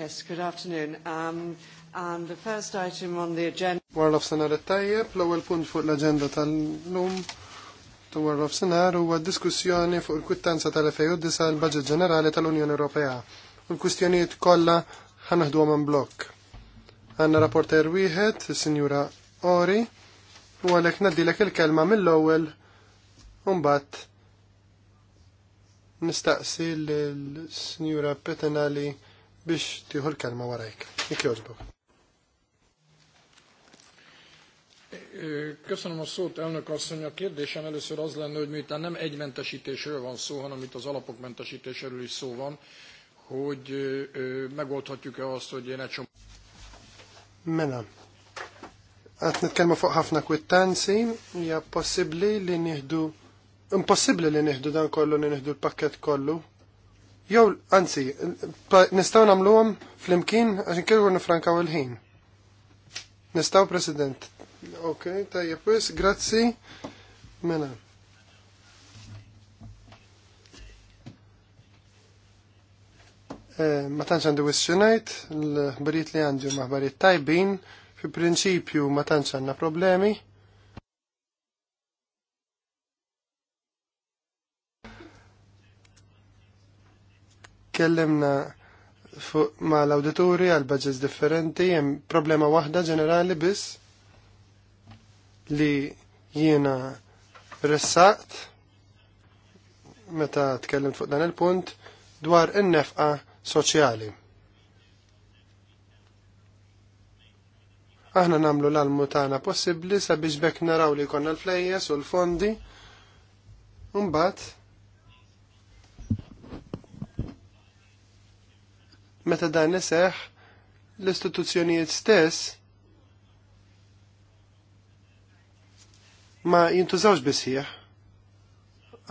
Yes, good afternoon. Um, and the first item on the agenda... Warlof Senar Tayyip, l-ewwel punt fuq l agenda tal-lum ta' of Senar huwa diskussjoni fuq il-kwittanza tal-2009 il budget Ġenerali tal-Unjoni Ewropea. U l-kwistjonijiet kollha ħanaħdu minn blok. Għandna rapporter wieħed, il sinjura Ori, u għalhekk nadilek il-kelma mill-ewwel u nistaqsi l-Sinjura Petenali biex tiħu l-kelma warajk. Ikjoġbok. Köszönöm a szót, elnök asszony. A kérdésem először az lenne, hogy miután nem egy mentesítésről van szó, hanem itt az alapok mentesítéséről is szó van, hogy megoldhatjuk-e azt, hogy én egy csomó... Mela. Għat nitkelmu fuq ħafna kwittanzi, hija possibbli li nieħdu impossibbli li nieħdu dan kollu li nieħdu l-pakket kollu Jew, anzi, nistgħu nagħmluhom flimkien għaxin inkellmu nifrankaw il-ħin. Nistgħu President. Ok, tajjeb wis, grazzi. Mela. Eh, ma tanċ għandu wisċinajt, l-ħbarijiet li għandu huma tajbin, fi prinċipju ma tantx għandna problemi. tkellimna fuq ma l-awdituri għal budgets differenti, hemm problema waħda ġenerali biss li jiena ressaqt meta tkellim fuq dan il-punt dwar in-nefqa soċjali. Aħna namlu l-almu tagħna possibbli sabiex bekk naraw li jkollna l-flejjes u l-fondi. Mbagħad Meta dan iseħħ, l-istituzzjonijiet stess ma jintużawx bisħieħ.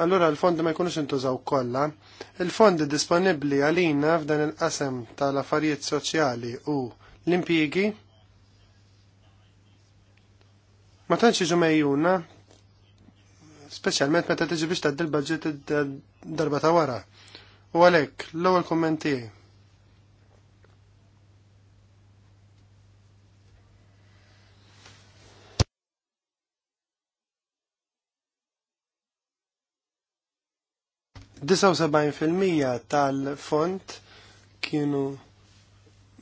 Allora l-fondi ma jkunux jintużaw kollha. Il-fondi disponibbli għalina f'dan il-qasem tal-affarijiet soċjali u l-impjiegi ma tantx jiġu mejjuna speċjalment meta tiġi biex l il budget darba ta' wara. U għalhekk l-ewwel kumment tiegħi 79% tal-font kienu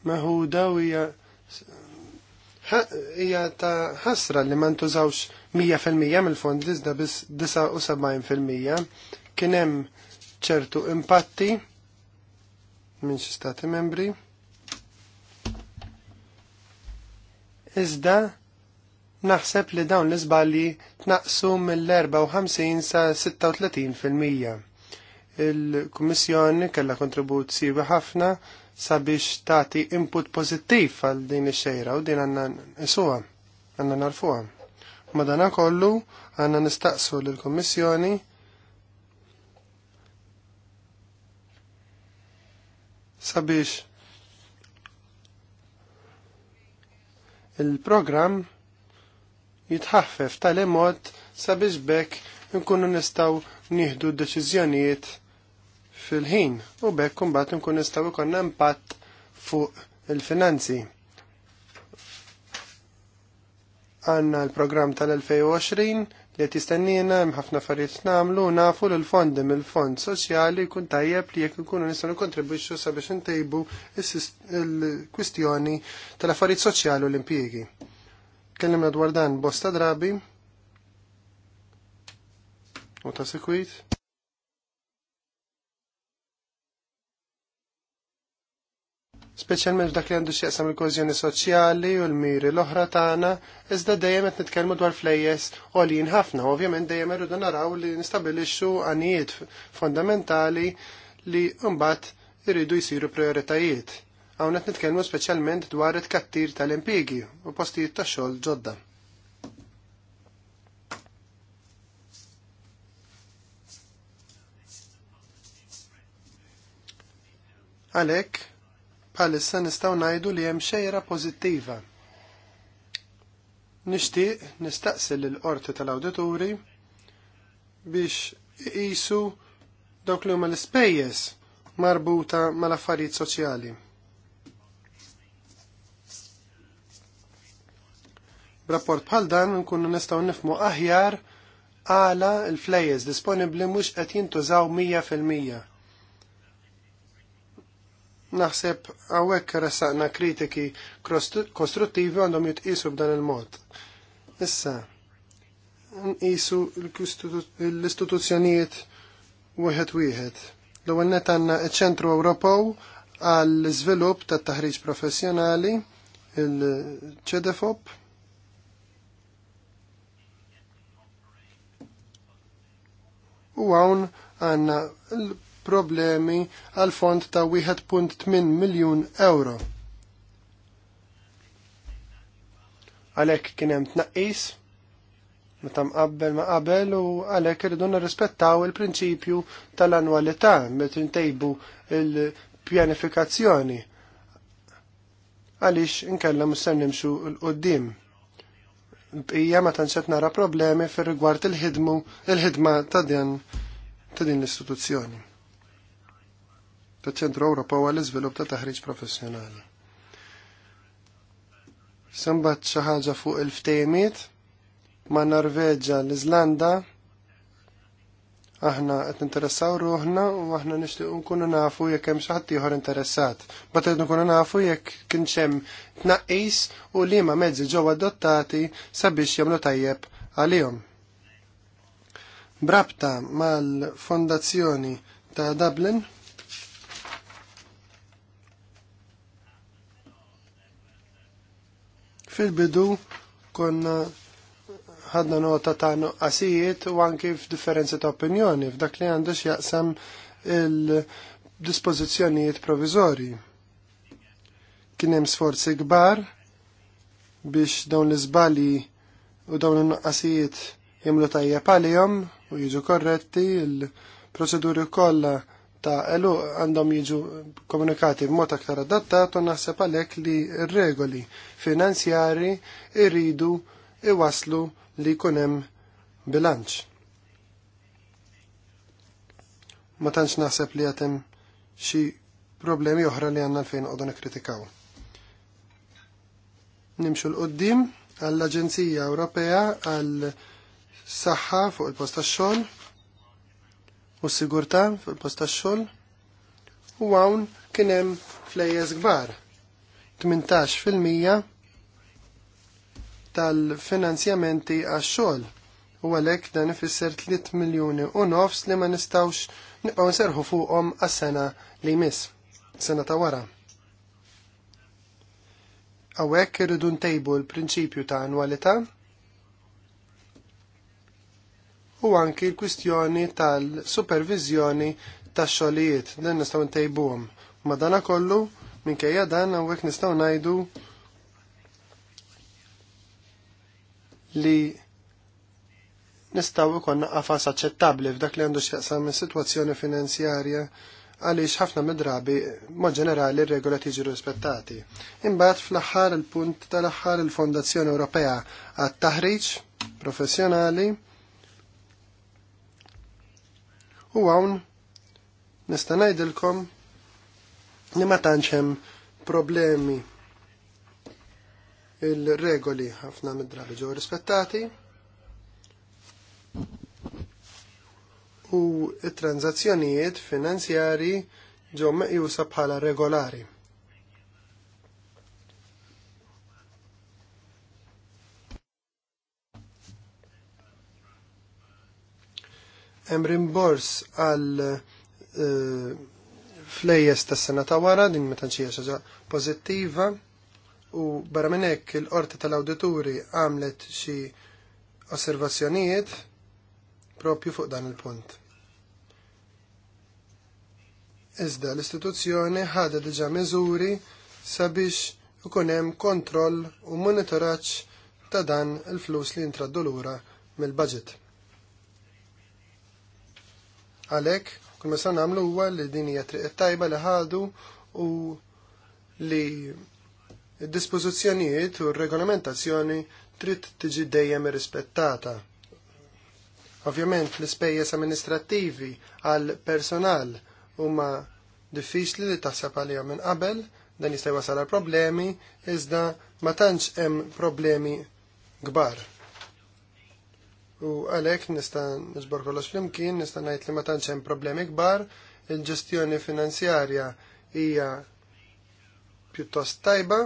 meħuda u hija ta' ħasra li ma ntużawx 100% mill-fond iżda biss 79% kien hemm ċertu impatti minn xi stati membri. Iżda naħseb li dawn l-iżbalji tnaqsu mill-54 sa 36% il-Kummissjoni kellha kontribut siwi ħafna sabiex tagħti input pożittiv għal din ix-xejra u din għandna isuha għandna narfuha. Madana kollu għandna nistaqsu lill-Kummissjoni sabiex il-programm jitħaffef tal-imot sabiex bekk nkunu nistaw nieħdu d-deċiżjonijiet fil-ħin u bekk kumbat nkun nistaw jkollna impatt fuq il-finanzi. Għanna l-programm tal-2020 li qed jistennina hemm ħafna affarijiet nagħmlu nafu l fondi mill-fond soċjali jkun tajjeb li jekk ikunu nistgħu nikkontribwixxu sabiex intejbu l-kwistjoni tal-affarijiet soċjali u l-impjiegi. Kellimna dwar dan bosta drabi u ta' sekwit. speċjalment f'dak li għandu x'jaqsam il kozjoni soċjali u l-miri l-oħra tagħna, iżda dejjem qed nitkellmu dwar flejjes għolin ħafna, ovvjament dejjem irridu naraw li nistabilixxu għanijiet fondamentali li mbagħad irridu jsiru prioritajiet. Hawn qed nitkellmu speċjalment dwar it-kattir tal-impjiegi u postijiet tax-xogħol ġodda. Għalhekk, bħalissa nistgħu ngħidu li hemm xejra pożittiva. Nixtieq nistaqsi l qorti tal-awdituri biex iqisu dawk li huma l-ispejjeż marbuta mal-affarijiet soċjali. B'rapport bħal dan nkunu nistgħu nifmu aħjar għala l flejjeż disponibbli mhux qed jintużaw mija fil-mija Naħseb għawek resaqna kritiki kostruttivi għandhom jitqisu b'dan il-mod. Issa, nqisu l-istituzzjonijiet wieħed wieħed. L-ewwel net għandna ċ-Ċentru Ewropew għall-iżvilupp tat-taħriġ professjonali, il-ċedefop, u għawn għanna problemi għal fond ta' 1.8 miljun euro. Għalek kienem tnaqis, meta mqabbel ma qabel u għalek irridu nirrispettaw il-prinċipju tal-annwalità meta ntejbu il-pjanifikazzjoni għaliex inkella musser nimxu l-qoddim. Bqija ma tantx nara problemi fir rigward il-ħidmu il-ħidma ta' ta' din l-istituzzjoni taċ-Ċentru u għall-Iżvilupp ta' Taħriġ Professjonali. Sembat xi ħaġa fuq il-ftejmiet ma' Norveġa l-Iżlanda aħna qed interessaw ruħna u aħna nixtiequ nkunu nafu jekk hemm xi ħadd ieħor interessat. Bata nkunu nafu jekk kien hemm tnaqqis u liema mezzi ġew adottati sabiex jagħmlu tajjeb għalihom. Brabta mal-Fondazzjoni ta' Dublin Fil-bidu konna ħadna nota ta' nuqqasijiet u anki f'differenzi ta' opinjoni f'dak li għandu x'jaqsam il-dispożizzjonijiet provizori. Kien hemm sforzi kbar biex dawn l-iżbali u dawn il-nuqqasijiet jimlu tajjeb għalihom u jiġu korretti il-proċeduri kollha ta' elu għandhom jiġu komunikati b'mod aktar adattat u naħseb għalhekk li r-regoli finanzjari iridu iwaslu li jkun hemm bilanċ. Ma tantx naħseb li għatem xi problemi oħra li għandna fejn qogħdu nikkritikaw. Nimxu l-qoddim għall-Aġenzija Ewropea għall saħħa fuq il-post tax-xogħol u s-sigurtà fil-post tax-xogħol u hawn kien hemm flejjes kbar. 18% tal-finanzjamenti għax-xogħol u għalhekk dan ifisser 3 miljuni u nofs li ma nistgħux nibqgħu nserħu fuqhom għas-sena li jmiss, sena ta' wara. għawek irridu ntejbu l-prinċipju ta' annwalità' u anki l-kwistjoni tal-supervizjoni tax-xogħlijiet dan nistgħu ntejbuhom. dana kollu minkejja dan hawnhekk nistgħu ngħidu li nistgħu ikun għafas aċċettabbli f'dak li għandu x'jaqsam is-sitwazzjoni finanzjarja għaliex ħafna midrabi mod ġenerali r-regola tiġi rispettati. Imbagħad fl-aħħar il-punt tal-aħħar il-Fondazzjoni Ewropea għat-taħriġ professjonali U hawn nista' ngħidilkom li ma tantx hemm problemi il-regoli ħafna mid-drabi ġew rispettati u t tranzazzjonijiet finanzjari ġew meqjusa bħala regolari. hemm rimbors għal eh, flejjes tas sena ta' wara din meta xi ħaġa pożittiva u barra minn hekk il-qorti tal-awdituri għamlet xi osservazzjonijiet propju fuq dan il-punt. Iżda l-istituzzjoni ħadha diġà miżuri sabiex ikun hemm kontroll u monitoraġġ ta' dan il-flus li jintraddu lura mill-budget. Għalhekk kull ma se nagħmlu huwa li din hija triq tajba li ħadu u li id-dispożizzjonijiet u r-regolamentazzjoni trid tiġi dejjem irrispettata. Ovvjament l-ispejjeż amministrattivi għal personal huma diffiċli li taħseb għalihom minn qabel, dan jista' jwasal għal problemi, iżda ma tantx hemm problemi kbar u għalhekk nista' niġbor kollox flimkien, nista' ngħid li ma tantx hemm problemi kbar, il-ġestjoni finanzjarja hija pjuttost tajba,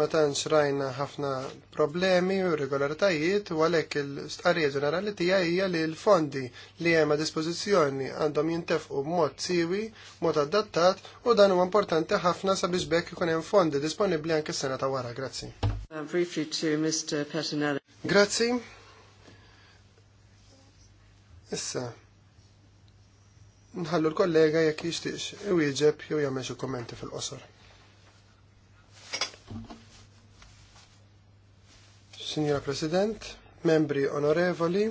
ma tantx rajna ħafna problemi u regolaritajiet u għalhekk il-stqarrija ġenerali tiegħi hija li l-fondi li hemm a dispożizzjoni għandhom jintefqu b'mod siwi, mod adattat u dan huwa importanti ħafna sabiex bekk ikun hemm fondi disponibbli anke s-sena ta' wara. Grazzi. Uh, Grazzi. Issa, nħallu l-kollega jekk jixtiex u jieġeb jew jagħmel xi kummenti fil-qosor. Signora President, membri onorevoli,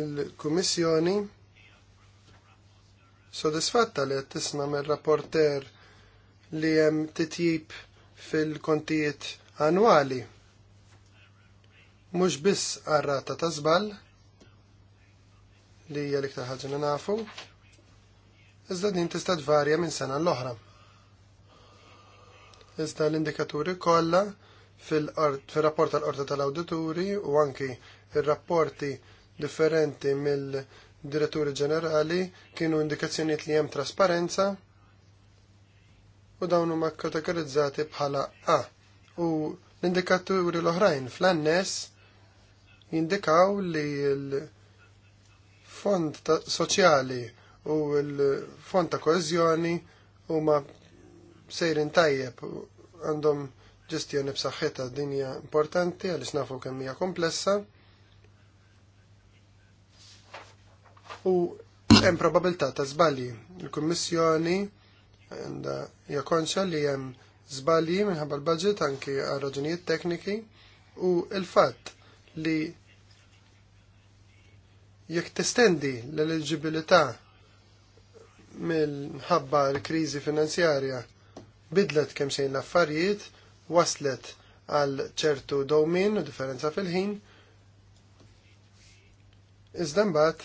il-Kummissjoni sodisfatta li qed tisma' mir-rapporter li hemm titjib fil-kontijiet annwali mhux biss għarrata ta' żball, li hija l-iktar ħaġa li nafu, iżda din tista' tvarja minn sena l-oħra. Iżda l-indikaturi kollha fil-rapport tal-Qorta tal-Awdituri u anki ir-rapporti differenti mill-Diretturi Ġenerali kienu indikazzjonijiet li hemm trasparenza u dawn huma kategorizzati bħala A u l-indikaturi l-oħrajn fl-annes jindikaw li l- fond soċjali u l-fond ta' koezjoni huma sejrin tajjeb għandhom ġestjoni b'saħħitha dinja importanti għaliex nafu kemm hija komplessa. U hemm probabilità ta' żbalji. Il-Kummissjoni għandha hija konxa li hemm żbalji minħabba l-budget anki għal raġunijiet tekniki u l-fatt li jekk testendi l-eligibilità mill-ħabba l-kriżi finanzjarja bidlet kemm xejn l-affarijiet, waslet għal ċertu domin u differenza fil-ħin. Iżda mbagħad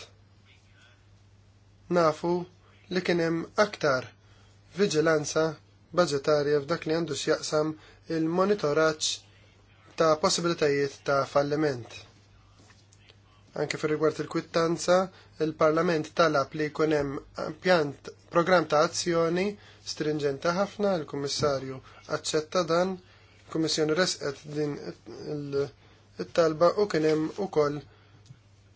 nafu li kien hemm aktar viġilanza budgetarja f'dak li għandu x'jaqsam il-monitoraġġ ta' possibilitajiet ta' falliment Anke fir rigward il-kwittanza, il-Parlament talab li jkun hemm pjant program ta' azzjoni stringenti ħafna, il-Kummissarju aċċetta dan, il-Kummissjoni resqet din it-talba u kien hemm ukoll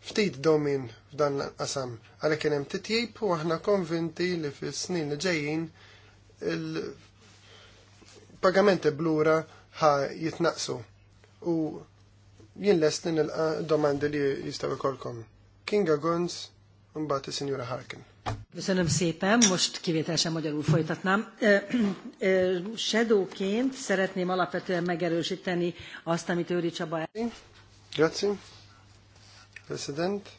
ftit domin f'dan l qasam għalek kien hemm titjib u aħna konvinti li fis-snin li ġejjin il-pagamenti blura ħa jitnaqsu u jien lest nilqa domandi li jistaw ikolkom. Kinga Gons, mbagħad is-Sinjura Harkin. Köszönöm szépen, most kivételesen magyarul folytatnám. Shadowként szeretném alapvetően megerősíteni azt, amit Őri Csaba... Grazie. President.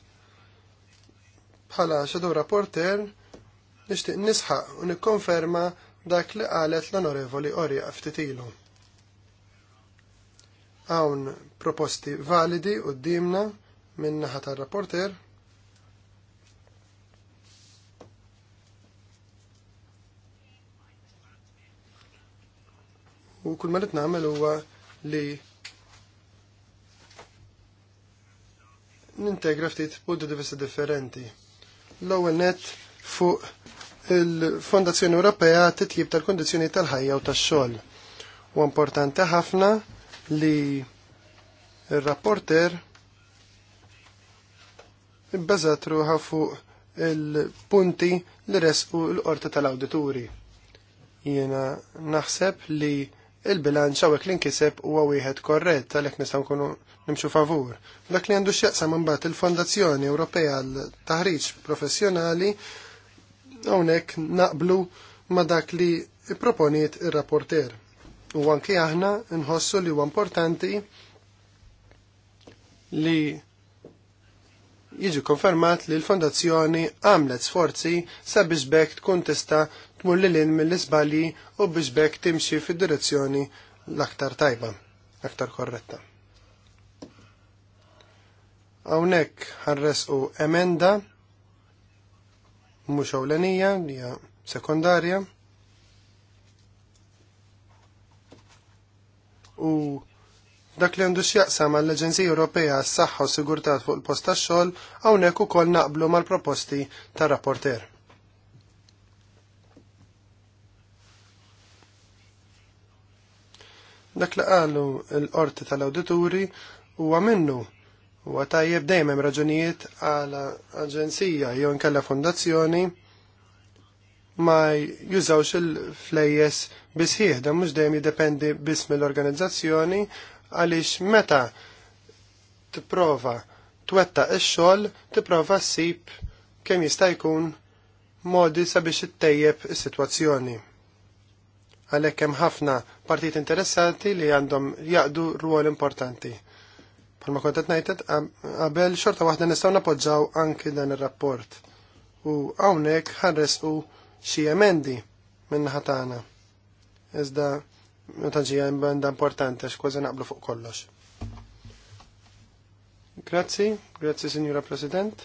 Bħala Shadow Rapporter, nishtiq nisħaq u nikkonferma dak li qalet l-onorevoli Orja ftitilu. Hawn proposti validi u d-dimna minnaħa tal-rapporter u kull ma nagħmel huwa li nintegra ftit punti diversi differenti. L-ewwel net fuq il-Fondazzjoni Ewropea titjib tal-kondizzjoni tal-ħajja u tax-xogħol. U importanti ħafna li Il-rapporter bbażat ruħa fuq il-punti li resqu l-qorti tal auditori Jiena naħseb li il-bilanċ hawnhekk li nkiseb huwa wieħed tal għalhekk nistgħu nkunu nimxu favur. Dak li għandu man bat il-Fondazzjoni Ewropea l taħriġ professjonali hawnhekk naqblu ma' dak li proponiet ir-rapporter. U għanki aħna nħossu li huwa importanti li jiġi konfermat li l-Fondazzjoni għamlet sforzi sabiex bekk tkun tista tmur l mill-isbali u biex timxi fid-direzzjoni l-aktar tajba, aktar korretta. Hawnhekk ħarres u emenda mhux ewlenija hija sekondarja u Dak li għandu x'jaqsam għall l-Aġenzija Ewropea s-Saħħa u Sigurtà fuq il-post tax-xogħol hawnhekk ukoll naqblu mal-proposti ta' rapporter. Dak li qalu l-qorti tal-awdituri huwa minnu huwa tajjeb dejjem hemm raġunijiet għal aġenzija jew inkella fondazzjoni ma jużawx il-flejjes bisħieħ, da mux dejjem jiddependi biss mill-organizzazzjoni għaliex meta tipprova twetta ix-xogħol tipprova ssib kemm jista' jkun modi sabiex ittejjeb is-sitwazzjoni. Għalhekk hemm ħafna partijt interessanti li għandhom jaqdu ruol importanti. Palma kont najtet, għabel qabel xorta waħda nistgħu napoġġaw anki dan ir-rapport. U hawnhekk u xi emendi minna ħatana. Iżda notaġija banda importanti xkwaza naqblu fuq kollox. Grazzi, grazzi Signora President.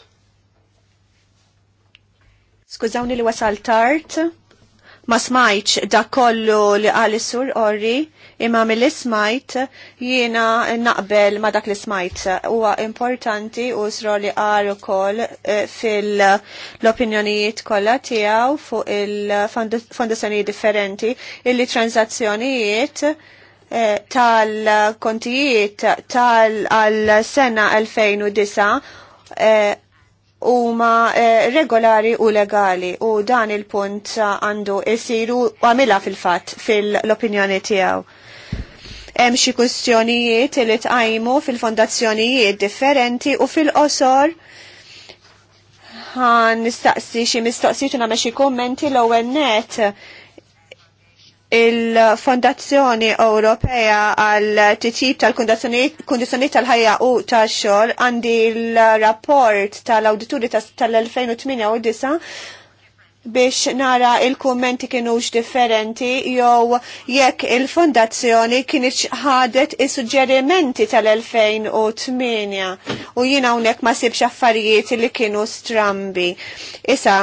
Skużawni li wasal tard ma smajċ da kollu li għal orri, imma mill smajt jiena naqbel ma dak li smajt. Huwa importanti u sro li għal ukoll eh, fil-opinjonijiet kollha tiegħu fuq il-fondazzjoni differenti illi transazzjonijiet eh, tal-kontijiet tal-sena 2009 huma eh, regolari u legali u dan il-punt għandu jsiru għamilha fil-fatt fil-opinjoni tiegħu. Hemm xi kwistjonijiet li tqajmu fil-fondazzjonijiet differenti u fil-qosor ħan nistaqsi xi mistoqsijiet tuna nagħmel xi kummenti l-ewwel net il-Fondazzjoni Ewropea għal titjib tal-kondizjoniet tal-ħajja u tal xogħol għandi l-rapport tal-awdituri tal-2008 u 9 biex nara il-kummenti kienu differenti jew jekk il-fondazzjoni kienieċ ħadet is-suġġerimenti tal-2008 u jina hawnhekk ma sibx affarijiet li kienu strambi. Issa,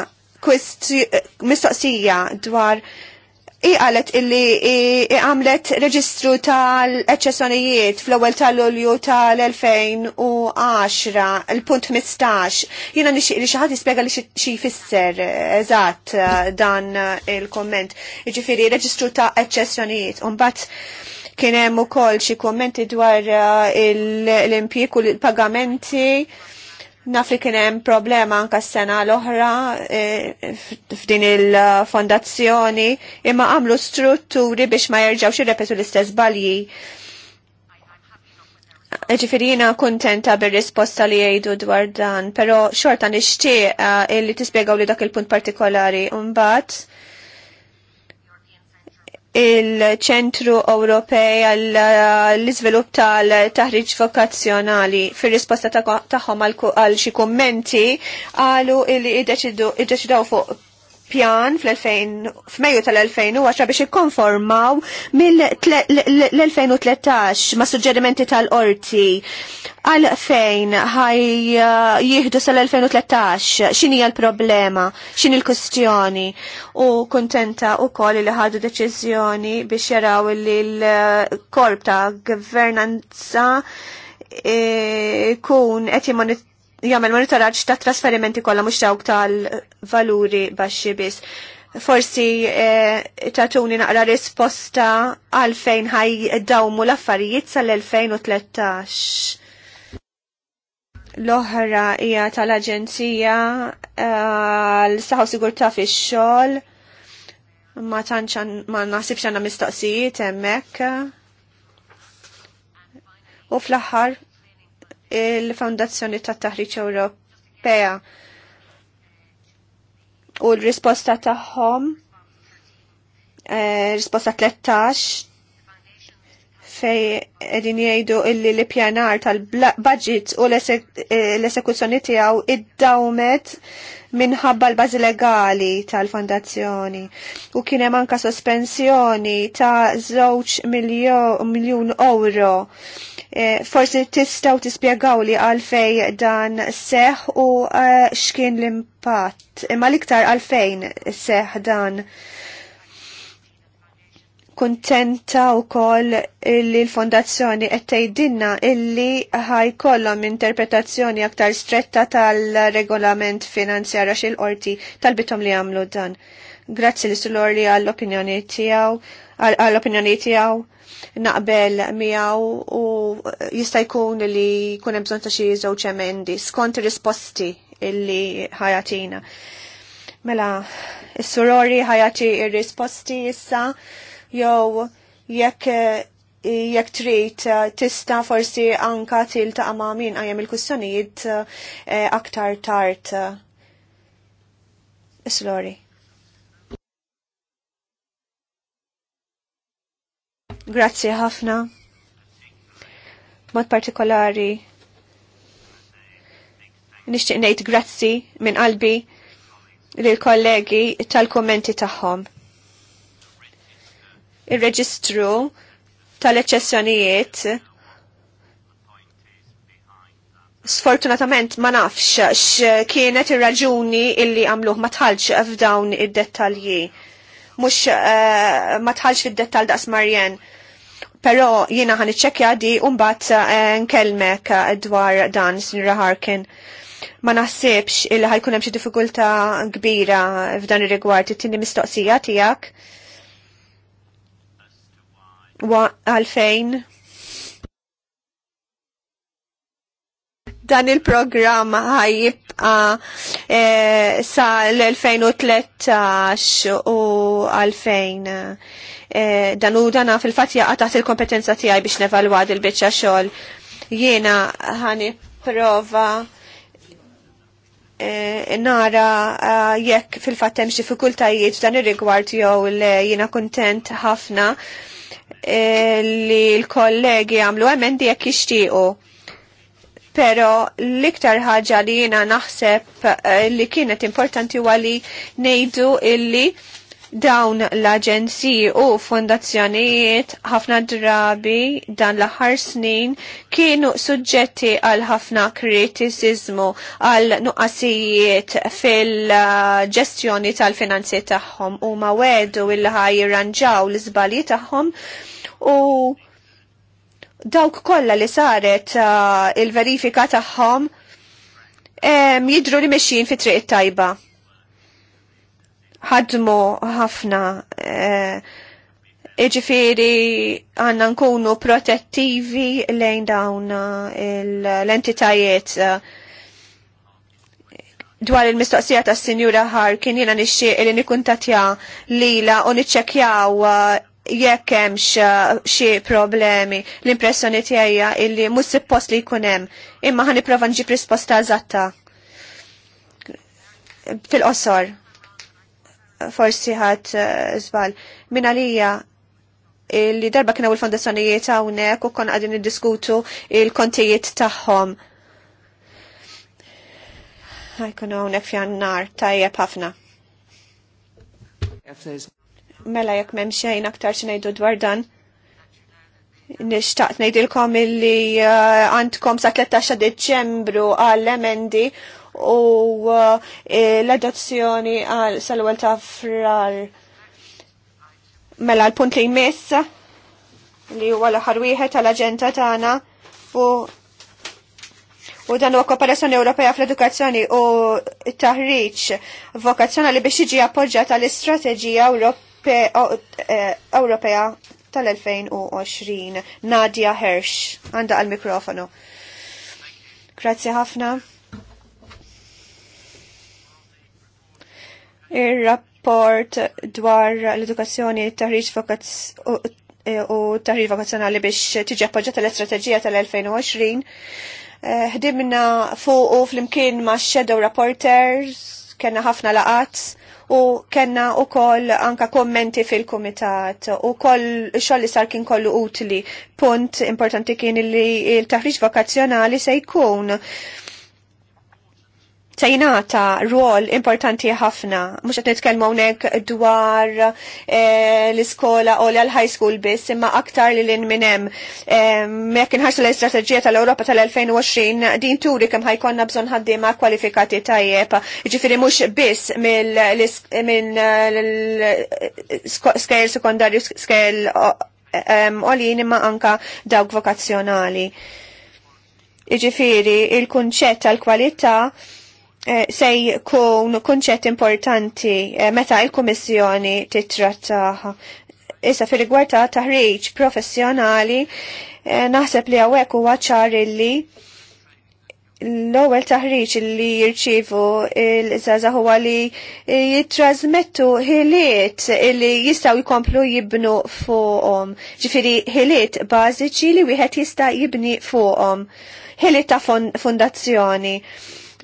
mistoqsija dwar i għalet illi għamlet reġistru tal-eċessonijiet fl-ewwel tal-Lulju tal-2010, il-punt 15. Jiena nixtieq li xi ħadd li xi jfisser eżatt eh, dan eh, il-komment. Jiġifieri reġistru ta' eċċessjonijiet. U mbagħad kien hemm ukoll xi kummenti dwar eh, l u l pagamenti Naf li kien hemm problema anka s-sena l-oħra e, f'din il-fondazzjoni imma għamlu strutturi biex ma jerġgħux xirrepetu l-istess balji. E, ġifiri jina kontenta bil-risposta li jgħidu dwar dan, pero xorta nixtieq e, illi tispjegaw li dak il-punt partikolari. Umbat, il-ċentru Ewropej għall-iżvilupp eh, tal-taħriġ vokazzjonali fir-risposta tagħhom għal xi kummenti qalu li iddeċidaw fuq pjan fl-2000 tal-2010 biex ikkonformaw mill-2013 ma' suġġerimenti tal-orti għal fejn ħaj uh, jihdu sal-2013 xini l-problema, xini l-kustjoni u kontenta u koll li ħadu deċizjoni biex jaraw li l-korp ta' governanza eh, kun qed ma monitoraġġ ta' trasferimenti kollha mhux dawk tal-valuri baxxi biss. Forsi eh, tatuni naqra risposta għalfejn ħaj dawmu l-affarijiet sal-2013 l-oħra hija tal-Aġenzija għal eh, saħu sigurtà fix-xogħol. Ma tantx ma naħsibx għandna mistoqsijiet hemmhekk. U fl-aħħar il-Fondazzjoni tat taħriġ Ewropea u l-risposta tagħhom eh, risposta 13 fej edin jgħidu illi l-pjanar tal-budget u eh, l-esekuzzjoni tiegħu id-dawmet minħabba l-bazi legali tal-fondazzjoni u kienem anka sospensjoni ta' żewġ miljun euro Eh, forsi tistaw tispiegaw li għalfej dan seħ u eh, xkien l-impatt. Imma liktar għalfejn seħ dan kontenta u kol li l-fondazzjoni għettajdinna illi ħaj kollom interpretazzjoni aktar stretta tal-regolament finanzjara xil qorti tal-bitom li għamlu dan. Grazzi li sulori għall-opinjoni tijaw, għall-opinjoni tijaw naqbel miegħu u jista' jkun li jkun hemm bżonn ta' xi żewġ emendi skont ir-risposti illi ħajatina. Mela, is-surori ħajati ir-risposti issa jew jekk jekk trid tista' forsi anka til ma' min qajjem il-kustjonijiet eh, aktar tard. Is-surori. Grazzi ħafna. Mod partikolari nixtieq ngħid grazzi minn qalbi lil kollegi tal-kommenti tagħhom. Ir-reġistru tal-eċċessjonijiet sfortunatament ma nafx x'kienet ir-raġuni illi għamluh ma tħallx f'dawn id-dettalji mux eh, ma tħalx fil-dettal daqs Marjen. Pero jina ħan iċċekja di umbat eh, nkelmek eh, dwar dan, Sinra Harkin. Ma naħsibx illi ħajkun hemm xi kbira f'dan ir-rigward it-tieni mistoqsija tiegħek. Wa għalfejn dan il-programm ħajjibqa' sa l-2013 u għalfejn. E, dan u dana fil-fatt jaqa' taħt il-kompetenza tiegħi biex nevalwad il-biċċa xogħol. Jiena ħani prova eh, nara eh, jekk fil-fatt hemm xi dan ir-rigward jew jiena kuntent ħafna li l-kollegi għamlu emendi jekk jixtiequ. Pero l-iktar ħaġa li jiena naħseb li kienet importanti għali li ngħidu illi dawn l-aġenziji u fondazzjonijiet ħafna drabi dan l-aħħar snin kienu suġġetti għal ħafna kritiżiżmu għal nuqqasijiet fil-ġestjoni tal-finanzi tagħhom u ma wedu illi ħajranġaw l-iżbalji tagħhom u dawk kollha li saret uh, il-verifika tagħhom jidru li mexxin fi triq tajba ħadmu ħafna eh, iġifiri għanna nkunu protettivi lejn dawn eh, l-entitajiet eh, dwar il-mistoqsija ta' Sinjura kien jena nixxieq li nikuntatja lila u niċċekjaw jekk hemmx xi problemi l-impressjoni tiegħi illi mhux suppost li jkun hemm imma ħa nipprova nġib risposta eżatta fil-qosor forsi ħadd zbal. Eh, Min għalija li darba kien il-fondazzjonijiet hawnhekk u kon qegħdin niddiskutu il-kontijiet tagħhom. Ħajkun hawnhekk fjan nar tajjeb ħafna. Mela jekk m'hemm xejn aktar xi ngħidu dwar dan. nixtaqt ngħidilkom illi eh, għandkom sa 13 Deċembru għall-emendi u uh, e, l-adozzjoni sal għal ta' frar. Mela l-punt li jmiss li huwa l-aħħar wieħed tal-aġenda tagħna fu u dan huwa kooperazzjoni Ewropea fl-edukazzjoni u taħriġ vokazzjonali biex jiġi appoġġjata l-istrateġija e, Ewropea tal-2020. Nadja Hirsch għandha għal mikrofonu. Grazzi ħafna. Ir-rapport dwar l-edukazzjoni taħriġ u taħriġ vokazzjonali biex tiġi appoġġata l estrategija tal-2020. Eh, ħdimna fuq u fl-imkien ma' shadow rapporters, kena ħafna laqat u kena u koll anka kommenti fil-komitat u koll xoll li sar kien kollu utli. Punt importanti kien li l-taħriġ vokazzjonali se jkun ta' rol importanti ħafna, mux għet nitkelmu unek dwar e, l-iskola u l-high school biss, imma aktar li l-inminem. Eh, Mek nħarsu l-istrategija tal-Europa tal-2020 din turi kem ħajkonna bżon ħaddima kwalifikati tajjeb, ġifiri mux biss minn skajl sekundarju, skajl olin imma anka dawk vokazzjonali. Iġifiri, il-kunċett tal-kwalità Eh, se jkun kunċett importanti eh, meta il-Kummissjoni titrattaha. Issa fil rigward ta' taħriġ professjonali eh, naħseb li hawnhekk huwa ċar illi l-ewwel taħriġ li jirċievu l-żaza huwa li jittrażmettu ħiliet li jistgħu jkomplu jibnu fuqhom. Ġifieri ħiliet bażiċi li wieħed jista' jibni fuqhom. Ħiliet ta' fondazzjoni.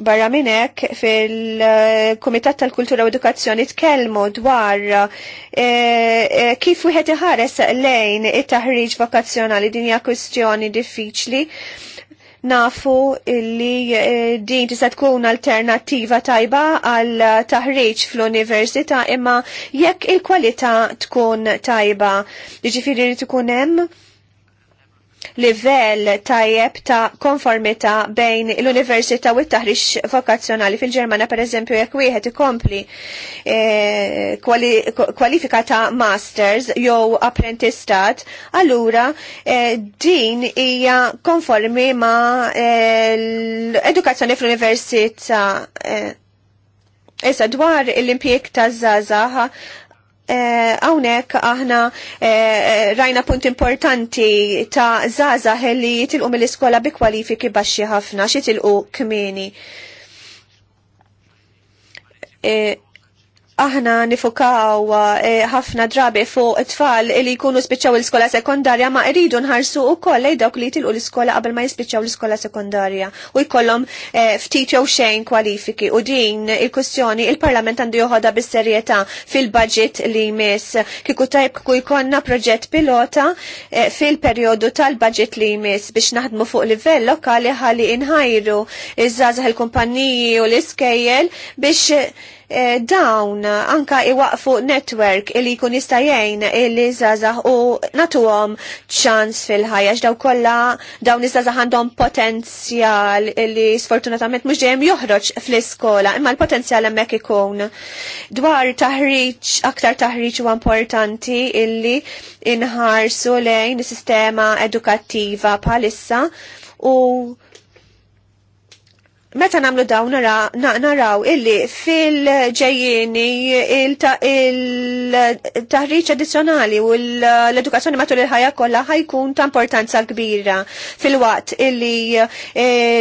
Barra minnek fil-Komitat tal-Kultura u Edukazzjoni tkellmu dwar eh, eh, kif wieħed iħares lejn it-taħriġ vokazzjonali din hija kwestjoni diffiċli nafu illi eh, din tista' tkun alternattiva tajba għal taħriġ fl-università imma jekk il-kwalità tkun tajba. Jiġifieri li tkun hemm livell tajjeb ta' konformità bejn l-Università u t-taħriġ vokazzjonali fil-Ġermana pereżempju jekk wieħed ikompli eh, kwalifika ta' masters jew apprentistat, allura eh, din hija konformi ma' eh, l-edukazzjoni fl-Università Issa dwar l-impjeg ta' zazaha Hawnhekk eh, aħna eh, rajna punt importanti ta' zaza li jitilqu mill-iskola bi kwalifiki baxxi ħafna xi tilqu kmieni. Eh, aħna nifokaw eh, ħafna drabi fuq tfal li jkunu spiċċaw l-iskola sekondarja ma iridu nħarsu u koll dawk li tilqu l-iskola qabel ma jispiċċaw l-iskola sekondarja u jkollhom eh, ftit jew xejn kwalifiki u din il-kwestjoni il-Parlament għandu joħodha bis-serjetà fil-budget li jmiss kieku tajb kieku jkollna proġett pilota eh, fil-perjodu tal-budget li jmiss biex naħdmu fuq livell lokali ħalli inħajru iż-żgħażagħ il-kumpanniji u l-iskejjel biex Eh, dawn anka iwaqfu network illi jkun jistajjejn illi zazah u għom ċans fil ħajax daw kollha dawn iż-żazah għandhom potenzjal illi sfortunatament mhux dejjem joħroġ fl-iskola, imma l-potenzjal hemmhekk ikun. Dwar taħriġ aktar taħriġ huwa importanti illi inħarsu lejn is-sistema edukattiva bħalissa u meta namlu daw nara, na, naraw illi fil-ġejjini il-taħriċ addizzjonali u l-edukazzjoni matul il-ħajja kollha ħajkun ta' importanza kbira fil-waqt illi e,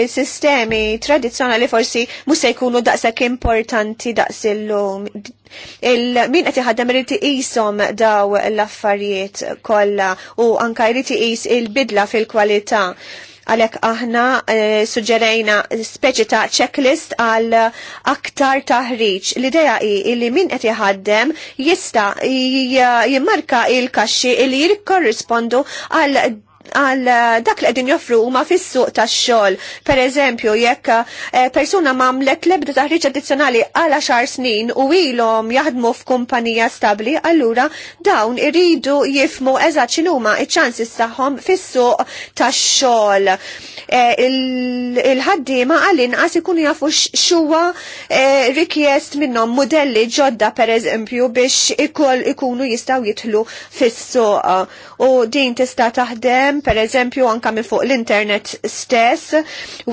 sistemi tradizzjonali forsi musa jkunu daqshekk importanti daqs illum min qed iħaddem irid iqishom daw l-affarijiet kollha u anka jrid iqis il-bidla fil-kwalità. Għalek aħna eh, suġġerejna speċi ta' checklist għal aktar taħriġ. L-ideja hi li min qed jħaddem jista' jimmarka il-kaxxi li jirkorrispondu għal għal eh, dak li qegħdin joffru huma fis-suq tax-xogħol. Pereżempju, jekk eh, persuna m'għamlet l-ebda taħriġ addizzjonali għal xar snin u ilhom jaħdmu f'kumpanija stabbli, allura dawn iridu jifmu eżat x'inhuma iċ-ċansis tagħhom fis-suq tax-xogħol. Eh, il-ħaddiema għallin inqas ikunu jafu xuwa rikjest minnhom modelli ġodda pereżempju biex ikunu jistgħu jidħlu fis-suq u din tista' taħdem per pereżempju anka minn fuq l-internet stess,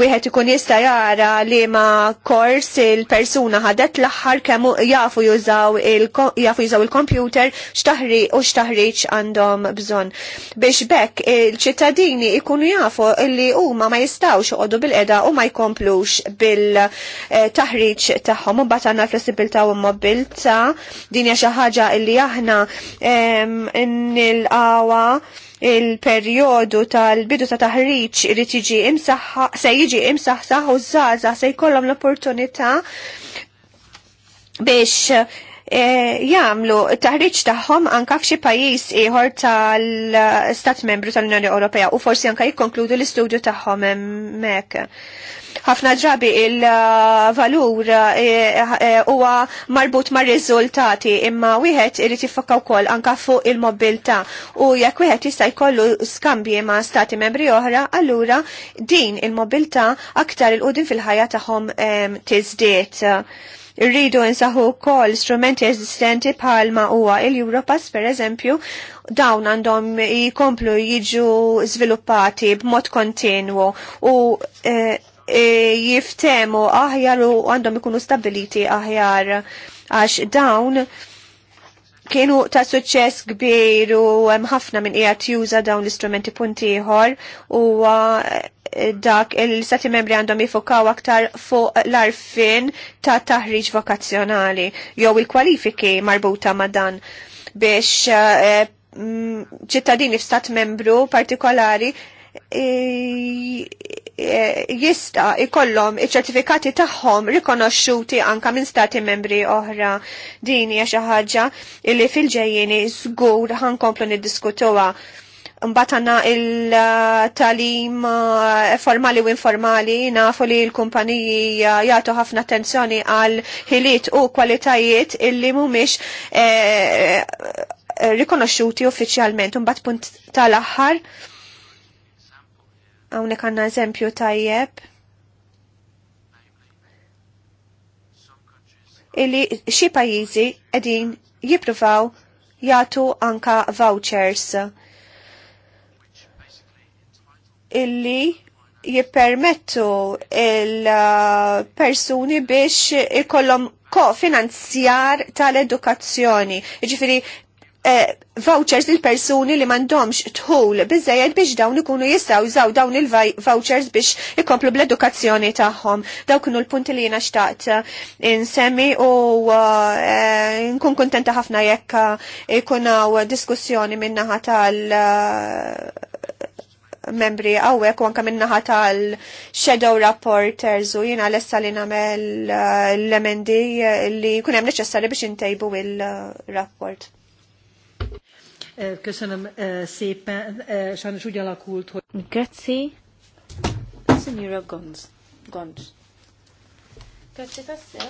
wieħed ikun jista' jara li ma kors il-persuna ħadet l-aħħar kemm jafu jużaw jafu jużaw il kompjuter x'taħri u x'taħriġ għandhom bżonn. Biex bekk il-ċittadini ikunu jafu li huma ma jistgħux joqogħdu bil-qeda u ma jkomplux bil-taħriġ tagħhom u mbagħad għandna flessibilità u mobilità din hija xi ħaġa li aħna nilqawa il-perjodu tal-bidu ta' taħriġ irid jiġi imsaħħa se jiġi imsaħħaħ u żgħażagħ se jkollhom l-opportunità biex eh, jagħmlu taħriġ tagħhom anke f'xi pajjiż ieħor tal-Stat Membru tal-Unjoni Ewropea u forsi anke jikkonkludu l-istudju tagħhom hemmhekk ħafna ġabi il-valur eh, eh, huwa marbut ma' riżultati imma wieħed irid jiffokka wkoll anka fuq il-mobilità u jekk wieħed jista' jkollu skambji ma' stati membri oħra, allura din il-mobilità aktar il-qudin fil-ħajja tagħhom tiżdiet. irridu nsaħu kol strumenti eżistenti palma huwa il europas per eżempju, dawn għandhom jikomplu jiġu sviluppati b'mod kontinwu u eh, E, jiftemu aħjar u għandhom ikunu stabiliti aħjar għax dawn kienu ta' suċċess kbir u hemm ħafna minn qiegħed juża dawn l-istrumenti puntiħor u e, dak il-stati membri għandhom jifokaw aktar fuq l-arfin ta' taħriġ vokazzjonali jew il-kwalifiki marbuta ma' dan biex e, ċittadini f'stat membru partikolari E, jista ikollom iċ-ċertifikati tagħhom rikonoxxuti anka minn stati membri oħra. Din hija xi ħaġa li fil-ġejjieni żgur ħankomplu niddiskutuha. Mbagħad il-talim eh, formali u informali nafu li l-kumpaniji eh, jagħtu ħafna attenzjoni għal ħiliet u kwalitajiet illi mhumiex eh, rikonoxxuti uffiċjalment. Mbagħad punt tal-aħħar Hawnhekk għandna eżempju tajjeb. Illi xi pajjiżi qegħdin jippruvaw jagħtu anka vouchers illi jippermettu il-persuni biex ikollom kofinanzjar tal-edukazzjoni. Ġifiri, Eh, vouchers il-persuni li mandomx tħul bizzejed biex dawn ikunu jistaw jużaw dawn il-vouchers biex ikomplu bl-edukazzjoni tagħhom. Daw kunu l-punti li jiena xtaqt eh, insemmi u eh, nkun kontenta ħafna jekk ikunaw diskussjoni minnaħa tal membri għawek u anka minnaħa tal-shadow rapporters u jina l-essa li namel l-emendi li kunem neċessari biex intejbu il-rapport. Eh, köszönöm eh, szépen. Eh, sajnos úgy alakult, hogy... Grazie. Signora Gons. Gons. Grazie tassew.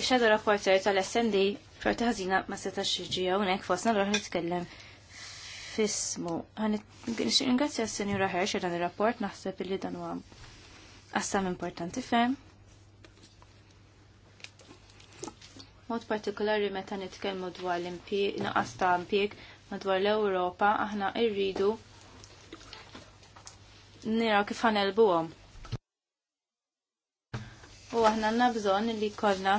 Ix-xadu rapporter tal-SND xorti ħażina ma setax jiġi hawnhekk fosna l nitkellem fismu. Ringrazzja a sinjura Hersh dan ir-rapport naħseb li dan huwa qassam importanti ferm. mod partikolari meta nitkellmu dwar l-impjeg, naqas ta' impjieg madwar l-Ewropa, aħna irridu niraw kif ħanelbuhom. U aħna għandna bżonn li jkollna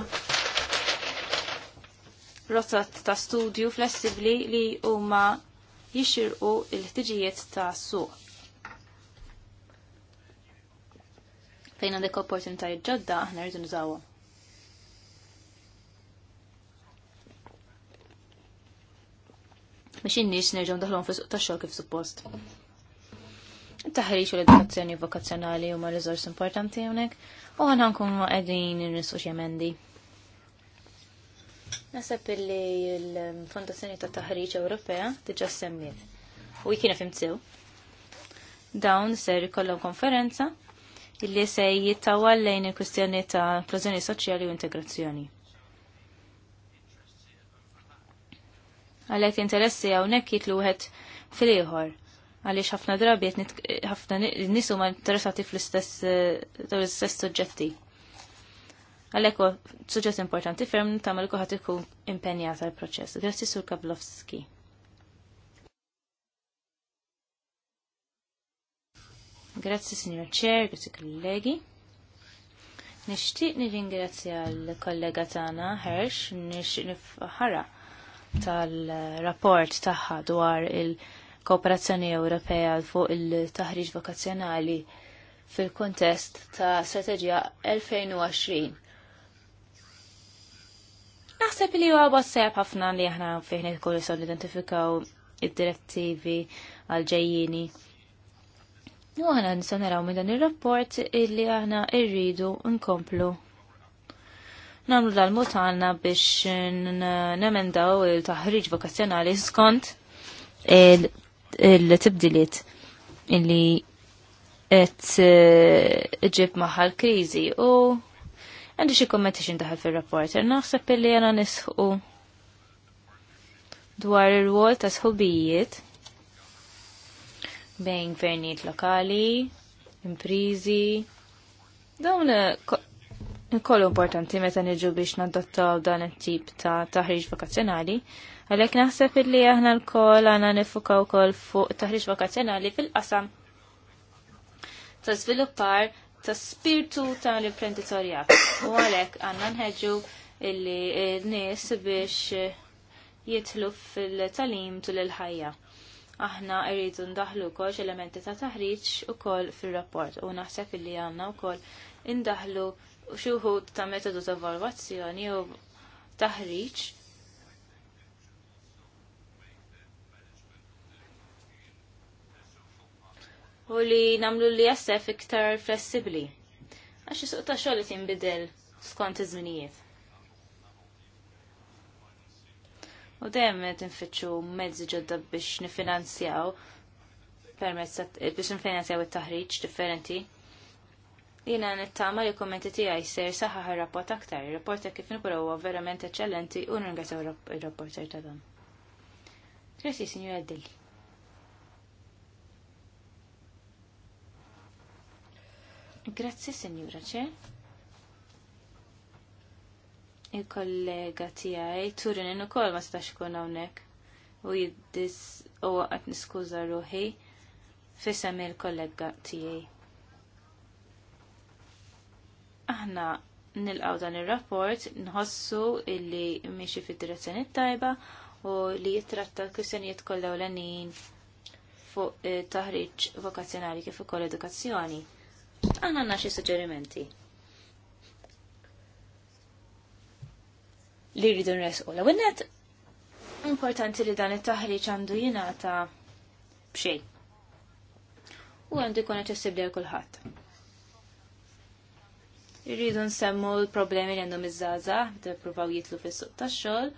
rotot ta' studju flessibli li huma jixirqu il-ħtiġijiet ta' suq. Fejn għandek opportunitajiet ġodda aħna rridu nżawhom. biex in-nies nerġgħu ndaħlhom fis tax-xogħol kif suppost. Taħriġ u l-edukazzjoni vokazzjonali huma riżors importanti hawnhekk u aħna nkunu qegħdin innisu x'emendi. Nasab li l-Fondazzjoni ta' Taħriġ Ewropea diġa semmiet. U jkina fimtsew. Dawn ser ikollhom konferenza illi se jittawal lejn il kwestjoni ta' inklużjoni soċjali u integrazzjoni. għalhekk interessi hawnhekk jitlu wieħed fil ħor għaliex ħafna drabi ħafna nies huma interessati fl-istess eh, l-istess suġġetti. Għalhekk u suġġett importanti ferm tagħmel kulħadd ikun impenjat għall proċess. Grazzi Sur Kablovski. Grazzi Signor Chair, grazzi kollegi. Nixtieq nirringrazzja l-kollega tagħna Hersh, nixtieq nifħara tal-rapport tagħha dwar il-Kooperazzjoni Ewropea fuq il-taħriġ vokazzjonali fil-kontest ta' Strateġija 2020. Naħseb li huwa wasseb ħafna li aħna fih nikol jisod identifikaw id-direttivi għal-ġejjini. U aħna nisa naraw minn dan ir-rapport illi aħna rridu nkomplu namlu dal-mut għalna biex nemendaw il-taħriġ vokazzjonali skont il-tibdiliet illi et eh, ġib maħal krizi u għandu xie kommenti xin daħal fil-rapport. Naħseb illi għana nisħu dwar il-wol ta' sħubijiet bejn gvernijiet lokali, imprizi, dawn eh, Nkollu importanti meta niġu biex nadottaw dan it-tip ta' taħriġ vakazzjonali, għalhekk naħseb illi aħna l-koll għandna nifukaw ukoll fuq taħriġ vakazzjonali fil-qasam ta' żviluppar ta' spirtu ta' l-imprenditorjat. U għalhekk għandna nħeġġu illi nies biex jitlu fil-talim tul il-ħajja. Aħna rridu ndaħlu wkoll elementi ta' taħriġ ukoll fir rapport u naħseb illi għandna wkoll indaħlu xuħu ta' metodu ta' valvazzjoni u taħriġ u li namlu li jassef iktar flessibli. Għax suq ta' xogħol jinbidel skont iż-żminijiet. U dejjem qed infittxu mezzi ġodda biex nifinanzjaw permezz biex nifinanzjaw it-taħriġ differenti. Jina nittama li kommenti għaj ser saħħa rapport aktar. Il-rapport kif nikura huwa verament eccellenti u nirgħataw il-rapporter ta' dan. Grazie, signora Delli. Grazie, signora Ce. Il-kollega għaj Turin u kol ma stax kun għonek. U jiddis u għat niskuza ruħi fissam il-kollega għaj aħna nilqaw dan ir-rapport nħossu illi miexi fid-direzzjoni tajba u li jitratta kwistjonijiet kollha għanin fuq eh, taħriġ vokazzjonali kif ukoll edukazzjoni. Aħna għandna xi suġġerimenti. Li rridu nresqu l importanti li dan it-taħriġ għandu jingħata b'xejn. U għandu jkun aċċessibbli għal kulħadd. Irridu nsemmu l-problemi li għandhom iż-żaza, provaw jitlu fis-suq tax-xogħol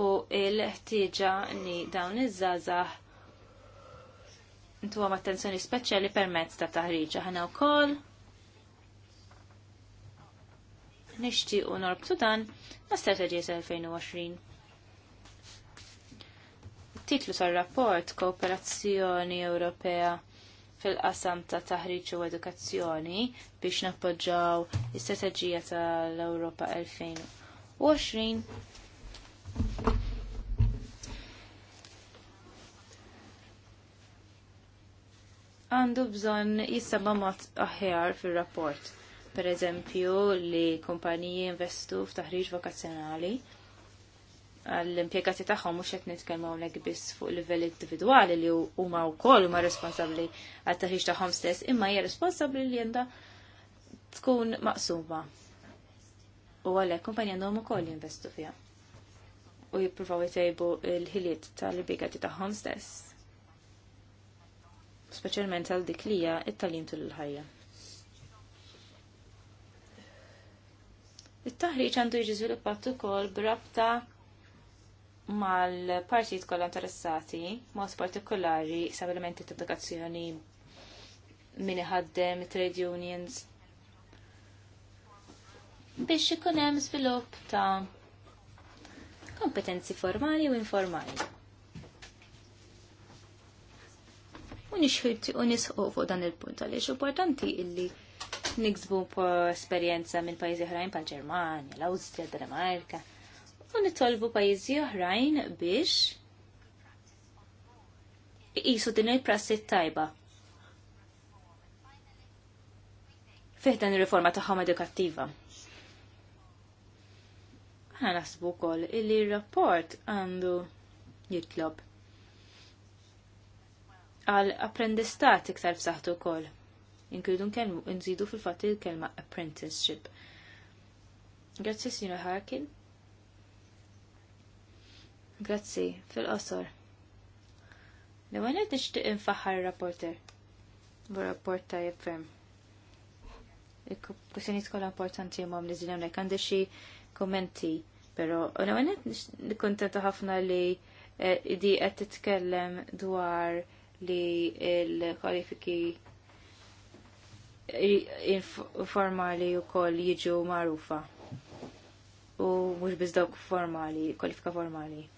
u l-ħtieġa li dawn iż-żaza intu attenzjoni speċjali permezz ta' taħriġa ħana wkoll. Nixtiequ norbtu dan ma' strateġija 2020 titlu tar rapport Kooperazzjoni Ewropea fil-qasam ta' taħriġ u edukazzjoni biex nappoġġaw l-istrateġija tal-Ewropa 2020 għandu bżonn jissabba mod aħjar fil-rapport. Per eżempju, li kumpaniji investu f'taħriġ vokazzjonali għall-impjegati tagħhom mhux qed nitkellmu hawnhekk biss fuq livell individwali li huma wkoll huma responsabbli għat taħriġ tagħhom stess, imma hija responsabbli li jenda tkun maqsuma. U għalhekk kumpanija għandhom ukoll jinvestu fiha. U jippruvaw jtejbu l-ħiliet tal impiegati tagħhom stess. Speċjalment għal dik li hija it-talim tul il-ħajja. it taħriġ għandu jiġi żviluppat ukoll b'rabta mal-partijiet kollha interessati, mod partikolari sablimenti ta' edukazzjoni min ħaddem, trade unions biex ikun hemm svilupp ta' kompetenzi formali u informali. u nixħirti u nisħu fuq dan il-punt għaliex importanti illi niksbu esperjenza minn pajjiżi ħrajn pal ġermanja l-Awstrija, Danimarka u nitolbu pajjiżi oħrajn biex jisu din il-prassi tajba. Fiħdan ir-riforma tagħhom edukattiva. Għan asbu wkoll illi r-rapport għandu jitlob għal apprendistat iktar f'saħħtu wkoll. Inkludu nkellmu nżidu fil fatti il-kelma apprenticeship. Grazzi, Signor Harkin. Grazzi, fil-qosor. Li għanet nishtiq infaħar rapporter. Bu rapport ta' jibfem. Il-kussjoni importanti jimom li zinem lek għandi xie kommenti, pero l-għanet kontenta ħafna li e, di għed titkellem dwar li il-kwalifiki informali u koll jiġu marufa. U mux bizdawk formali, kwalifika formali.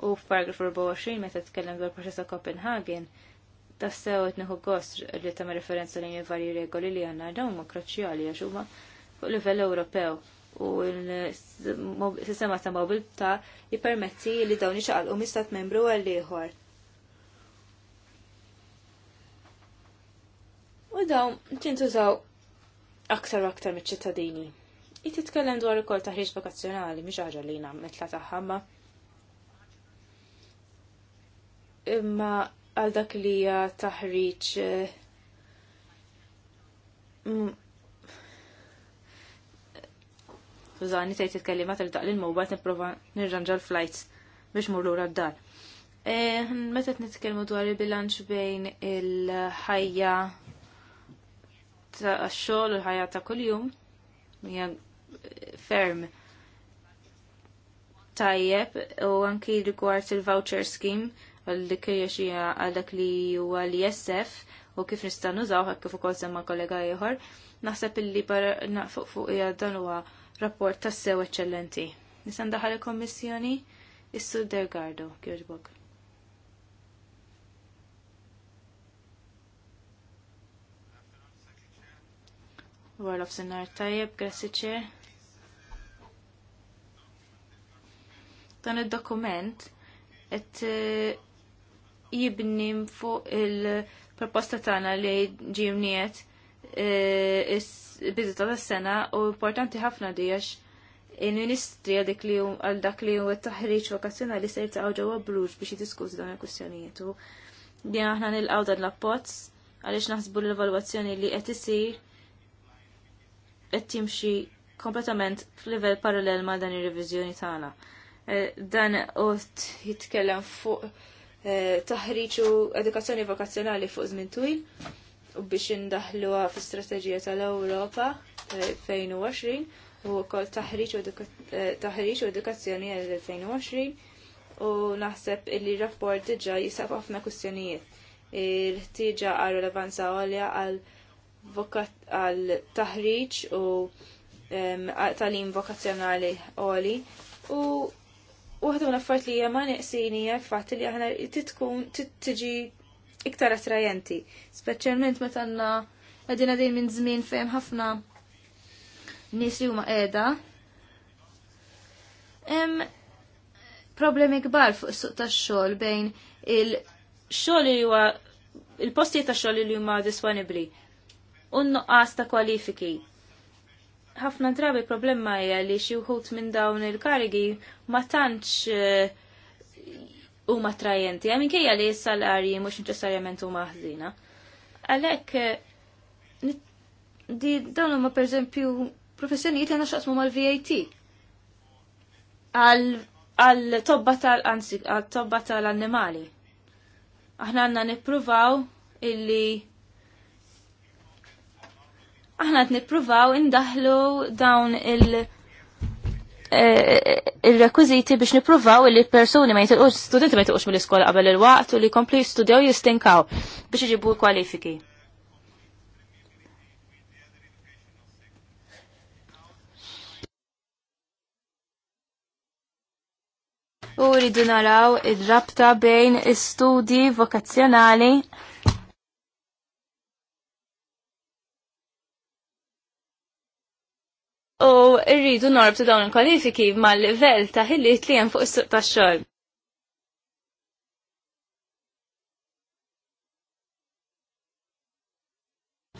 U f'paragraf 24 meta tkellem dwar proċess ta' Copenhagen, tassew qed nieħu gost li tagħmel referenza lejn varji regoli li għandna dawn ma' kruċjali għax huma fuq livell Ewropew u l-sistema ta' mobilità jippermetti li dawn ixaqalqu mistat membru għal ieħor. U dawn tintużaw aktar u aktar miċ-ċittadini. Jitt-tkellem dwar ukoll taħriġ vokazzjonali miex ħaġa li jnam mitla taħħamma, imma għal dak li hija taħriġ Tużani eh, mm, tajt it-kellimat li taqlin mowbat niprofa nirranġa l-flights biex mur lura d-dar. Eh, meta nitkellmu dwar il-bilanċ bejn il-ħajja ta' xogħol u l-ħajja ta' kuljum hija eh, ferm tajjeb u anki rigward il-voucher scheme għal-dikkeja xija għal-dak li huwa li jessef u kif nista' nużaw għak kif ukoll semma kollega ieħor, naħseb illi fuq fuq hija dan huwa rapport tassew eċċellenti. Nisan daħal il-Kommissjoni is-Sur Delgardo, kjoġbok. Warlof Sinar Tajeb, Grassi ċer. Dan il-dokument, et jibnim fuq il-proposta tagħna li ġimniet e, bidu ta' sena u importanti ħafna dijax il-ministri għadik li għal dak li huwa taħriġ vokazzjonali se jiltaqgħu ġewwa Bruġ biex jiddiskutu dawn il-kwistjonijiet u din aħna nilqgħu dan l-appozz għaliex naħsbu l-evalwazzjoni li qed isir qed timxi kompletament f'livell parallel ma' dan ir-reviżjoni tagħna. E, dan qed jitkellem fuq Eh, taħriġ u edukazzjoni vokazzjonali fuq żmien twil u biex indaħluha fl-istrateġija tal-Ewropa 2020 eh, u wkoll taħriġ u eh, edukazzjoni għal 2020 u naħseb illi rapport diġà jisab ħafna kwistjonijiet. Il-ħtieġa għal relevanza għolja għal taħriġ u tal-im vokazzjonali għoli u U għadu l-affart li jema neqsini għal fatt li għahna titkun tiġi iktar attrajenti. Specialment ma tanna għadina dejjem minn zmin fejn ħafna nis li huma qiegħda. Hemm problemi kbar fuq is-suq tax-xogħol bejn il-xogħol li huwa il-postijiet tax-xogħol li huma disponibbli u nuqqas ta' kwalifiki ħafna drabi problema hija li xi wħud minn dawn il-karigi ma tantx eh, huma trajenti, hemm minkejja li s-salarji mhux neċessarjament huma ħżina. Għalhekk eh, di dawn huma pereżempju professjonijiet li naxaqsmu mal-VAT. Għal tobba tal għal tobba tal-annimali. Aħna għandna nippruvaw illi aħna qed nippruvaw indaħlu dawn il- eh, eh, il-rekwiziti biex nipruvaw li persuni ma jitilqux, studenti ma jitilqux mill-iskola qabel il-waqt u li komplu jistudjaw jistinkaw biex iġibu kwalifiki. U rridu naraw id-rabta bejn studi vokazzjonali u rridu norbtu dawn il-kwalifiki mal-livell ta' ħiliet li hemm fuq is-suq tax-xogħol.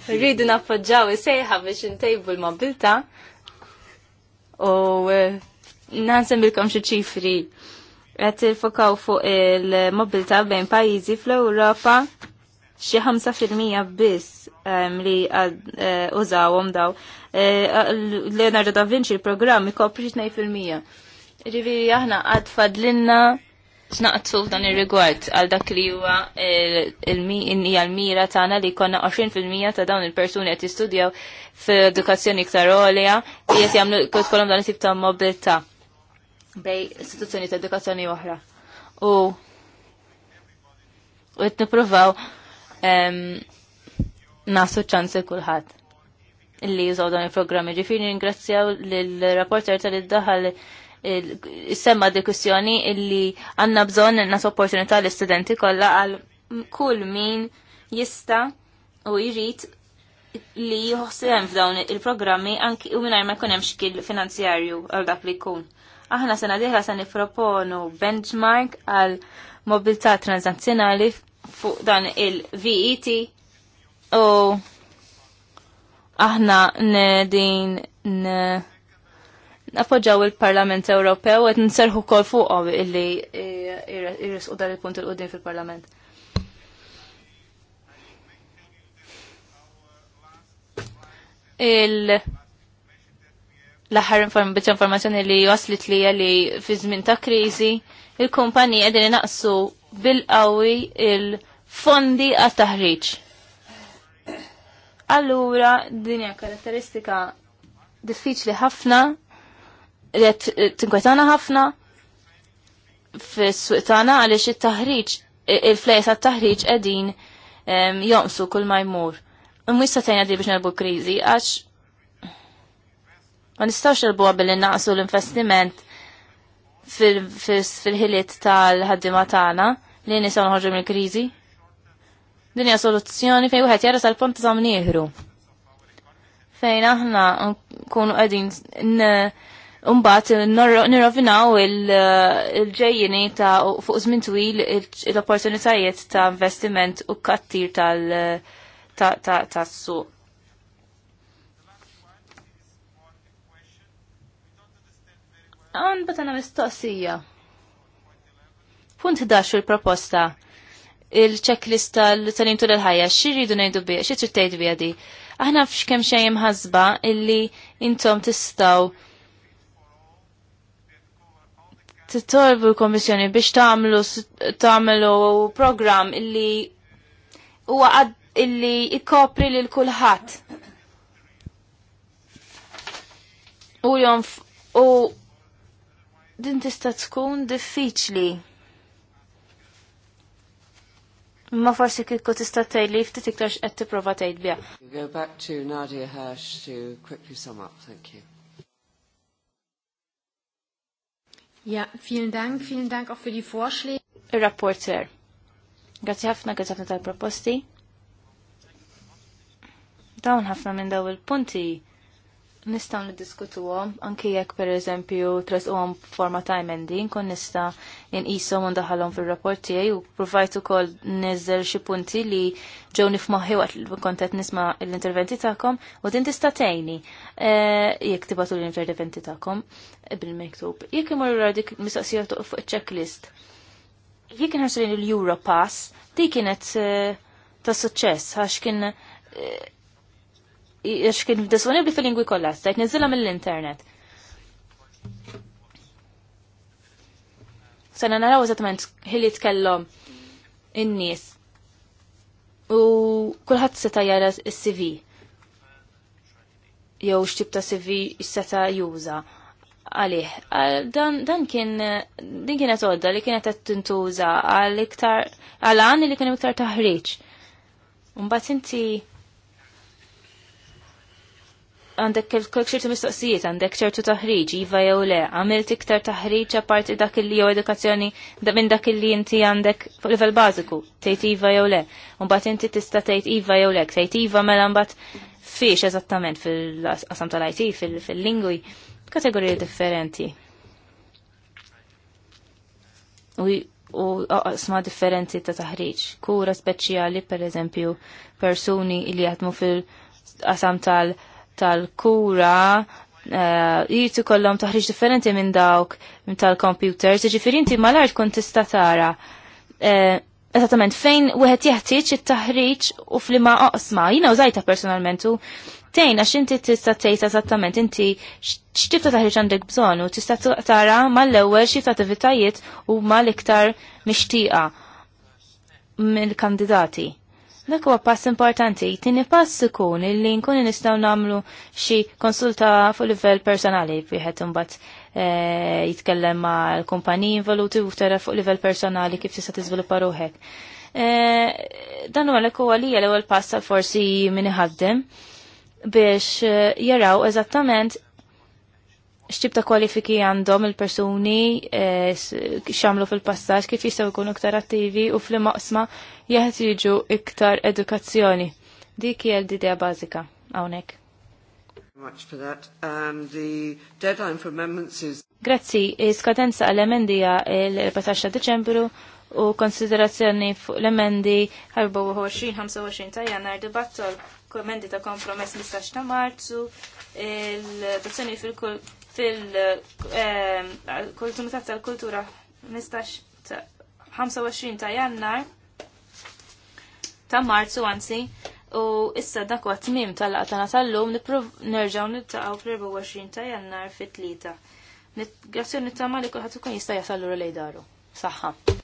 Rridu nappoġġaw is-sejħa biex intejbu l-mobilità u eh, nansem bilkom xi ċifri qed il fuq il mobilta bejn pajjiżi fl-Ewropa xi 5% biss li e, użawhom daw. E, Leonardo da Vinci il-programm ikopri 2%. Ġifieri aħna għad fadlinna Snaqtu f'dan ir-rigward għal dak li huwa l l-mira tagħna li konna 20% ta' dawn il-persuni qed jistudjaw f'edukazzjoni iktar għolja li qed jagħmlu kont kollhom dan it-tip ta' mobilità bej istituzzjoni ta' edukazzjoni oħra. U qed nippruvaw nasu ċansi kulħadd illi jużaw dan il-programmi. Ġifiri ringrazzjaw l-rapporter tal-iddaħal semma diskussjoni illi għanna bżon nas opportunità l-istudenti kollha għal kull min jista u jrid li jħossem f'dawn il-programmi anki u minn ma jkun xkil finanzjarju għal dak li jkun. Aħna sena diħla se nipproponu benchmark għal mobilità transazzjonali fuq dan il-VET u aħna din appoġġaw il-Parlament Ewropew qed serħu kol fuqhom illi u dan il-punt il-qudiem fil-Parlament. il punt il qoddin fil parlament il l aħħar informazzjoni li waslit li li fi żmien ta' kriżi il-kumpanija qegħdin inaqsu bil-qawwi il-fondi għat-taħriġ. Allura, din hija karatteristika diffiċli ħafna, li tinkwetana ħafna fis-suq għalix għaliex it-taħriġ il-flejs għat-taħriġ qegħdin jomsu kull ma jmur. Mwissa tajna di biex nerbu kriżi għax ma nistawx nerbu billi naqsu l-investiment fil-ħiliet tal-ħaddima tagħna li nisaw noħorġu mill-kriżi. Din hija soluzzjoni fejn wieħed jara sal-pont ta' nieħru. Fejn aħna nkunu qegħdin Umbat nirrovinaw il-ġejjini ta' fuq żmien twil l-opportunitajiet ta' investiment u kattir tal-suq. Għan batana mistoqsija. Punt 11 il-proposta il-checklist tal-talim tul il-ħajja, xirridu nejdu bi, xirrid tgħidu bi għadi. Aħna fxkem xejn ħasba illi intom t titolbu l-Komissjoni biex tagħmlu tagħmlu programm illi huwa illi ikopri lil kulħadd. U jom u din tista' tkun diffiċli. Ma forsi kikku tista' tgħidli ftit iktarx qed tipprova tgħid biha. Go back to Nadia Hirsch to quickly sum up. Thank you. Ja, vielen Dank, vielen Dank auch für die Vorschläge. Rapporteur. Grazie ħafna, grazie ħafna tal-proposti. Dawn ħafna minn daw il-punti nistaw niddiskutuhom anki jekk pereżempju tresquhom forma ta' emendi, nkun nista' inqishom u ndaħalhom fir-rapport tiegħi u provajt ukoll niżel xi punti li ġew nifmoħħi waqt kont qed nisma' l-interventi tagħkom u din tista' tejni. Eh, jekk tibatu l-interventi tagħkom bil-miktub. Jekk imorru dik mistoqsija fuq iċ-checklist. Jekk inħarsu l-Europass, dik kienet eh, ta' suċċess għax kien eh, jiex kien disponibli fil-lingwi kollha, stajt niżilha mill-internet. Sena naraw eżattament ħili tkellhom in-nies u kulħadd seta' jara s-CV jew x'tib ta' CV seta' juża għalih. Dan, dan kien din kienet għodda li kienet qed tintuża għal iktar għal għan li kien iktar taħriġ. Mbagħad inti għandek kelk xirtu mistoqsijiet, għandek ċertu taħriġ, iva jew le, għamilt iktar taħriġ apparti dak li jew edukazzjoni minn dak li inti għandek fuq livell bażiku, tgħid iva jew le. Mbagħad inti tista' tgħid iva jew le, tgħid iva mela mbagħad fiex eżattament fil-qasam tal-IT, fil-lingwi, kategoriji differenti. U qasma differenti ta' taħriġ. Kura speċjali, per eżempju, persuni li jaħdmu fil-qasam tal-IT tal-kura jirt eh, ikollhom taħriġ differenti minn dawk tal-computers, ġifieri inti mal-art kont tista' tara eh, eżattament fejn wieħed jeħtieġ it-taħriġ u f'liema oqsma. Jiena użajta personalment u tejn għax inti tista' tejta eżattament inti x'tib ta' taħriġ għandek bżonn u tista' tara mal-ewwel xi attivitajiet huma l-iktar mixtieqa mill-kandidati. Dak huwa pass importanti. Tieni pass ikun illi nkun nistgħu nagħmlu xi konsulta fuq livell personali wieħed imbagħad eh, jitkellem ma' l-kumpaniji involuti u ftara fuq livell personali kif tista' tiżviluppa ruħek. Eh, dan huwa lek huwa lija l-ewwel pass forsi min ħaddem biex eh, jaraw eżattament xtib ta' kwalifiki għandhom il-persuni eh, xamlu fil-passaġġ kif jistgħu jkunu iktar attivi u fl-maqsma jiġu iktar edukazzjoni. Dik hija l-idea bażika hawnhekk. Um, Grazzi, skadenza għall-emendija il-14 Deċembru u konsiderazzjoni fuq l-emendi 24-25 ta' jannar dibattu l-emendi ta' kompromess m-16 ta' marzu, il dozzjoni fil kull fil-Kumitat ehm, tal-Kultura 25 ta' jannar ta' marzu għansi u issa dak wa tmim tal-qatana tal-lum nerġaw nittaqaw fl-24 ta' jannar fit-tlieta. Grazzjoni ta' ma li kullħat ikun jista' jasallu lejn daru. Saħħa.